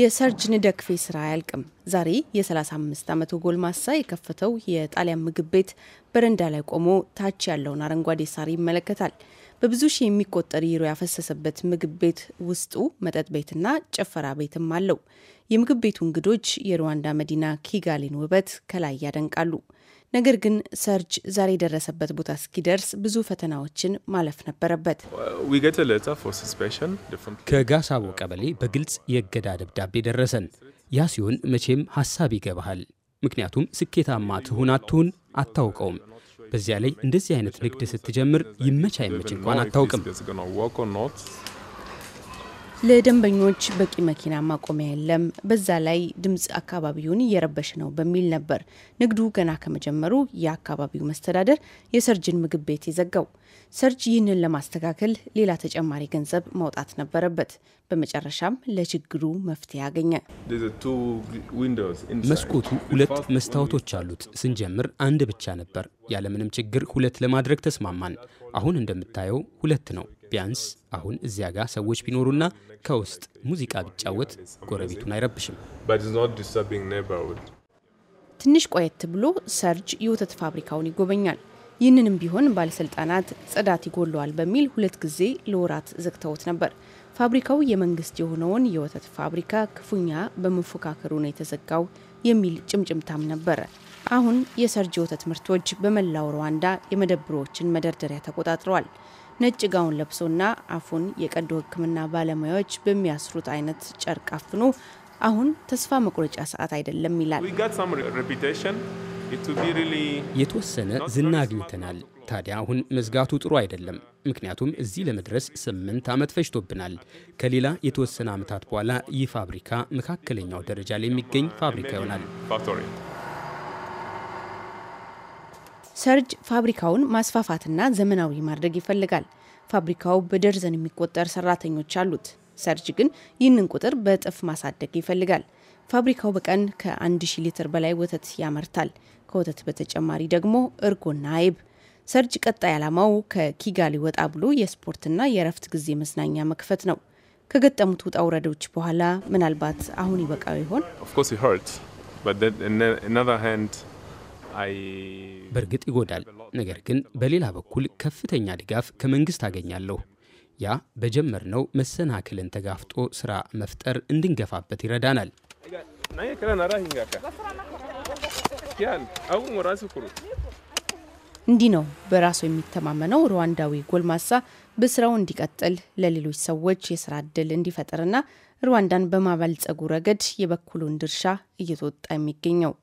የሰርጅ ንደክፌ ስራ አያልቅም። ዛሬ የ35 ዓመቱ ጎልማሳ የከፈተው የጣሊያን ምግብ ቤት በረንዳ ላይ ቆሞ ታች ያለውን አረንጓዴ ሳር ይመለከታል። በብዙ ሺህ የሚቆጠር ዩሮ ያፈሰሰበት ምግብ ቤት ውስጡ መጠጥ ቤትና ጭፈራ ቤትም አለው። የምግብ ቤቱ እንግዶች የሩዋንዳ መዲና ኪጋሊን ውበት ከላይ ያደንቃሉ። ነገር ግን ሰርጅ ዛሬ የደረሰበት ቦታ እስኪደርስ ብዙ ፈተናዎችን ማለፍ ነበረበት። ከጋሳቦ ቀበሌ በግልጽ የእገዳ ደብዳቤ ደረሰን። ያ ሲሆን መቼም ሀሳብ ይገባሃል። ምክንያቱም ስኬታማ ትሁን አትሁን አታውቀውም። በዚያ ላይ እንደዚህ አይነት ንግድ ስትጀምር ይመች አይመች እንኳን አታውቅም። ለደንበኞች በቂ መኪና ማቆሚያ የለም፣ በዛ ላይ ድምፅ አካባቢውን እየረበሽ ነው በሚል ነበር ንግዱ ገና ከመጀመሩ የአካባቢው መስተዳደር የሰርጅን ምግብ ቤት የዘጋው። ሰርጅ ይህንን ለማስተካከል ሌላ ተጨማሪ ገንዘብ ማውጣት ነበረበት። በመጨረሻም ለችግሩ መፍትሄ አገኘ። መስኮቱ ሁለት መስታወቶች አሉት። ስንጀምር አንድ ብቻ ነበር። ያለምንም ችግር ሁለት ለማድረግ ተስማማን። አሁን እንደምታየው ሁለት ነው። ቢያንስ አሁን እዚያ ጋር ሰዎች ቢኖሩና ከውስጥ ሙዚቃ ቢጫወት ጎረቤቱን አይረብሽም። ትንሽ ቆየት ብሎ ሰርጅ የወተት ፋብሪካውን ይጎበኛል። ይህንንም ቢሆን ባለስልጣናት ጽዳት ይጎለዋል በሚል ሁለት ጊዜ ለወራት ዘግተውት ነበር። ፋብሪካው የመንግስት የሆነውን የወተት ፋብሪካ ክፉኛ በመፎካከሩ ነው የተዘጋው የሚል ጭምጭምታም ነበረ። አሁን የሰርጅ ወተት ምርቶች በመላው ሩዋንዳ የመደብሮችን መደርደሪያ ተቆጣጥረዋል። ነጭ ጋውን ለብሶና አፉን የቀዶ ሕክምና ባለሙያዎች በሚያስሩት አይነት ጨርቅ አፍኖ አሁን ተስፋ መቁረጫ ሰዓት አይደለም ይላል። የተወሰነ ዝና አግኝተናል። ታዲያ አሁን መዝጋቱ ጥሩ አይደለም። ምክንያቱም እዚህ ለመድረስ ስምንት ዓመት ፈጅቶብናል። ከሌላ የተወሰነ ዓመታት በኋላ ይህ ፋብሪካ መካከለኛው ደረጃ ላይ የሚገኝ ፋብሪካ ይሆናል። ሰርጅ ፋብሪካውን ማስፋፋትና ዘመናዊ ማድረግ ይፈልጋል። ፋብሪካው በደርዘን የሚቆጠር ሰራተኞች አሉት። ሰርጅ ግን ይህንን ቁጥር በእጥፍ ማሳደግ ይፈልጋል። ፋብሪካው በቀን ከ1000 ሊትር በላይ ወተት ያመርታል። ከወተት በተጨማሪ ደግሞ እርጎና አይብ። ሰርጅ ቀጣይ ዓላማው ከኪጋሊ ወጣ ብሎ የስፖርትና የእረፍት ጊዜ መዝናኛ መክፈት ነው። ከገጠሙት ውጣ ውረዶች በኋላ ምናልባት አሁን ይበቃው ይሆን? በእርግጥ ይጎዳል። ነገር ግን በሌላ በኩል ከፍተኛ ድጋፍ ከመንግስት አገኛለሁ። ያ በጀመርነው መሰናክልን ተጋፍጦ ስራ መፍጠር እንድንገፋበት ይረዳናል። እንዲህ ነው በራሱ የሚተማመነው ሩዋንዳዊ ጎልማሳ በስራው እንዲቀጥል ለሌሎች ሰዎች የስራ እድል እንዲፈጥርና ሩዋንዳን በማበልጸጉ ረገድ የበኩሉን ድርሻ እየተወጣ የሚገኘው።